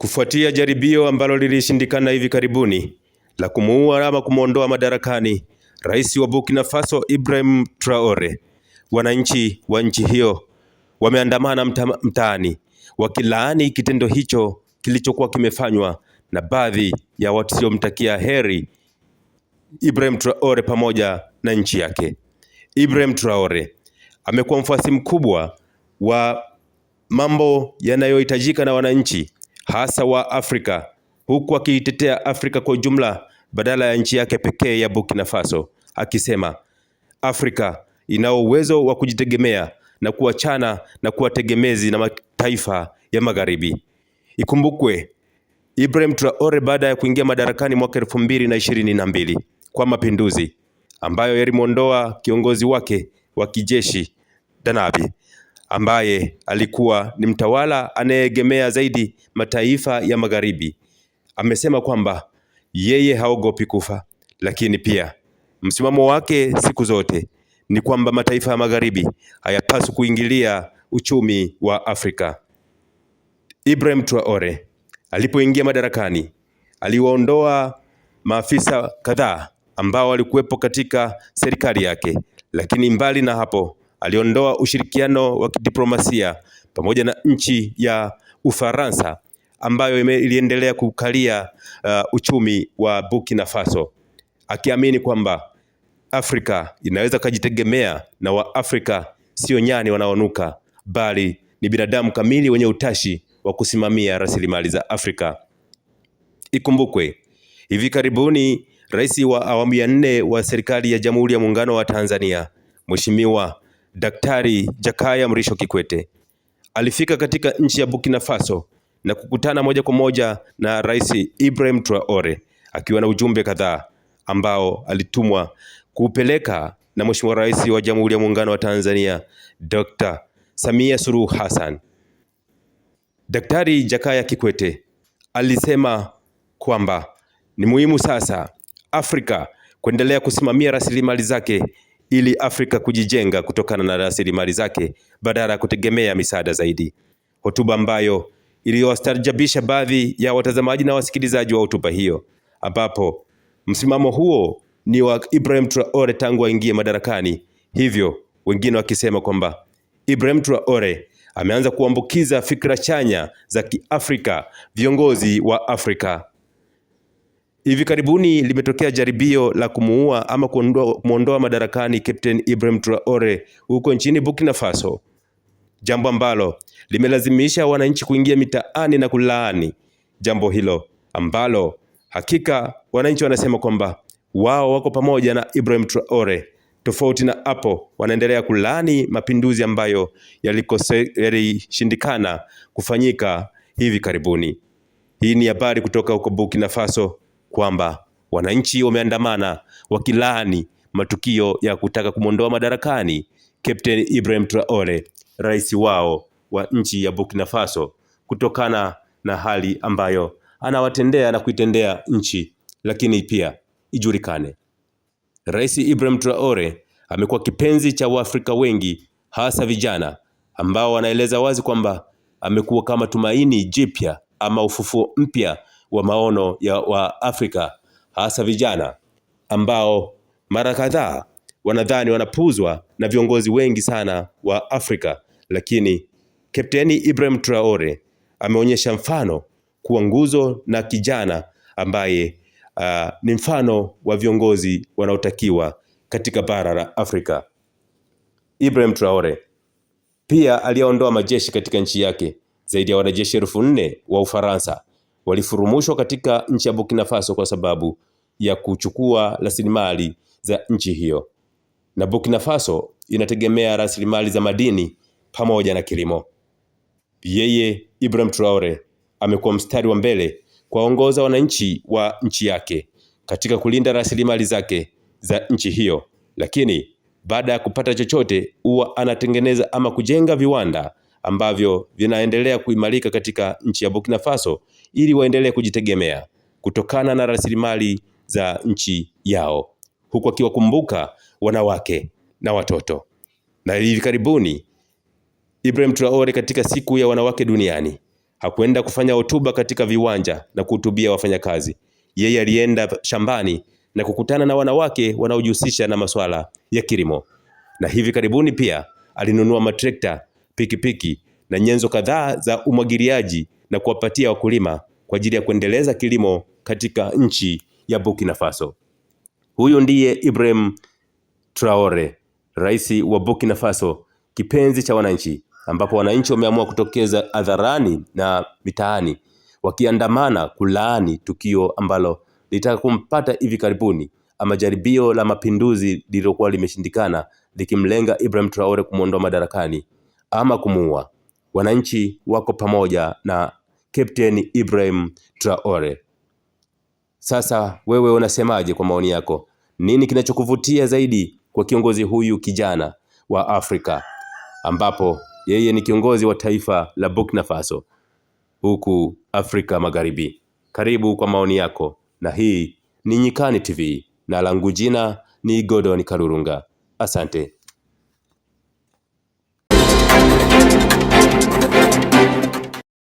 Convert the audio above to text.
kufuatia jaribio ambalo lilishindikana hivi karibuni la kumuua ama kumwondoa madarakani rais wa Burkina Faso Ibrahim Traore, wananchi wa nchi hiyo wameandamana mtaani wakilaani kitendo hicho kilichokuwa kimefanywa na baadhi ya wasiomtakia heri Ibrahim Traore pamoja na nchi yake. Ibrahim Traore amekuwa mfuasi mkubwa wa mambo yanayohitajika na wananchi hasa wa Afrika, huku akiitetea Afrika kwa ujumla badala ya nchi yake pekee ya Burkina Faso, akisema Afrika ina uwezo wa kujitegemea na kuachana na kuwa tegemezi na mataifa ya magharibi. Ikumbukwe Ibrahim Traore baada ya kuingia madarakani mwaka elfu mbili na ishirini na mbili kwa mapinduzi ambayo yalimwondoa kiongozi wake wa kijeshi Danabi ambaye alikuwa ni mtawala anayeegemea zaidi mataifa ya magharibi, amesema kwamba yeye haogopi kufa, lakini pia msimamo wake siku zote ni kwamba mataifa ya magharibi hayapaswi kuingilia uchumi wa Afrika. Ibrahim Traore alipoingia madarakani aliwaondoa maafisa kadhaa ambao walikuwepo katika serikali yake, lakini mbali na hapo aliondoa ushirikiano wa kidiplomasia pamoja na nchi ya Ufaransa ambayo iliendelea kukalia uh, uchumi wa Burkina Faso akiamini kwamba Afrika inaweza kujitegemea na Waafrika sio nyani wanaonuka bali ni binadamu kamili wenye utashi wa kusimamia rasilimali za Afrika. Ikumbukwe, hivi karibuni rais wa awamu ya nne wa serikali ya Jamhuri ya Muungano wa Tanzania Mheshimiwa Daktari Jakaya Mrisho Kikwete alifika katika nchi ya Burkina Faso na kukutana moja kwa moja na Rais Ibrahim Traore akiwa na ujumbe kadhaa ambao alitumwa kuupeleka na Mheshimiwa Rais wa Jamhuri ya Muungano wa Tanzania Dr. Samia Suluhu Hassan. Daktari Jakaya Kikwete alisema kwamba ni muhimu sasa Afrika kuendelea kusimamia rasilimali zake ili Afrika kujijenga kutokana na rasilimali zake badala ya kutegemea misaada zaidi. Hotuba ambayo iliyowastaajabisha baadhi ya watazamaji na wasikilizaji wa hotuba hiyo, ambapo msimamo huo ni wa Ibrahim Traore tangu aingie madarakani, hivyo wengine wakisema kwamba Ibrahim Traore ameanza kuambukiza fikra chanya za Kiafrika viongozi wa Afrika. Hivi karibuni limetokea jaribio la kumuua ama kumwondoa madarakani Captain Ibrahim Traore huko nchini Burkina Faso, jambo ambalo limelazimisha wananchi kuingia mitaani na kulaani jambo hilo ambalo hakika wananchi wanasema kwamba wao wako pamoja na Ibrahim Traore. Tofauti na hapo, wanaendelea kulaani mapinduzi ambayo yalishindikana kufanyika hivi karibuni. Hii ni habari kutoka huko Burkina Faso kwamba wananchi wameandamana wakilaani matukio ya kutaka kumwondoa madarakani Captain Ibrahim Traore, rais wao wa nchi ya Burkina Faso, kutokana na hali ambayo anawatendea na kuitendea nchi. Lakini pia ijulikane, Rais Ibrahim Traore amekuwa kipenzi cha Waafrika wengi hasa vijana ambao wanaeleza wazi kwamba amekuwa kama tumaini jipya ama ufufuo mpya wa maono ya wa Afrika hasa vijana ambao mara kadhaa wanadhani wanapuzwa na viongozi wengi sana wa Afrika, lakini Kapteni Ibrahim Traore ameonyesha mfano kuwa nguzo na kijana ambaye uh, ni mfano wa viongozi wanaotakiwa katika bara la Afrika. Ibrahim Traore pia aliyeondoa majeshi katika nchi yake zaidi ya wanajeshi elfu nne wa Ufaransa walifurumushwa katika nchi ya Burkina Faso kwa sababu ya kuchukua rasilimali za nchi hiyo, na Burkina Faso inategemea rasilimali za madini pamoja na kilimo. Yeye Ibrahim Traore amekuwa mstari wa mbele kuwaongoza wananchi wa nchi yake katika kulinda rasilimali zake za nchi hiyo, lakini baada ya kupata chochote huwa anatengeneza ama kujenga viwanda ambavyo vinaendelea kuimarika katika nchi ya Burkina Faso ili waendelee kujitegemea kutokana na rasilimali za nchi yao, huku akiwakumbuka wanawake na watoto. Na hivi karibuni Ibrahim Traore katika siku ya wanawake duniani hakuenda kufanya hotuba katika viwanja na kuhutubia wafanyakazi. Yeye alienda shambani na kukutana na wanawake wanaojihusisha na masuala ya kilimo. Na hivi karibuni pia alinunua matrekta pikipiki na nyenzo kadhaa za umwagiliaji na kuwapatia wakulima kwa ajili ya kuendeleza kilimo katika nchi ya Burkina Faso. Huyu ndiye Ibrahim Traore, rais wa Burkina Faso, kipenzi cha wananchi, ambapo wananchi wameamua kutokeza hadharani na mitaani wakiandamana kulaani tukio ambalo litaka kumpata hivi karibuni ama jaribio la mapinduzi lililokuwa limeshindikana likimlenga Ibrahim Traore kumwondoa madarakani ama kumuua. Wananchi wako pamoja na Captain Ibrahim Traore. Sasa wewe unasemaje kwa maoni yako? Nini kinachokuvutia zaidi kwa kiongozi huyu kijana wa Afrika ambapo yeye ni kiongozi wa taifa la Burkina Faso huku Afrika Magharibi? Karibu kwa maoni yako, na hii ni Nyikani TV na langu jina ni Godon Karurunga. Asante.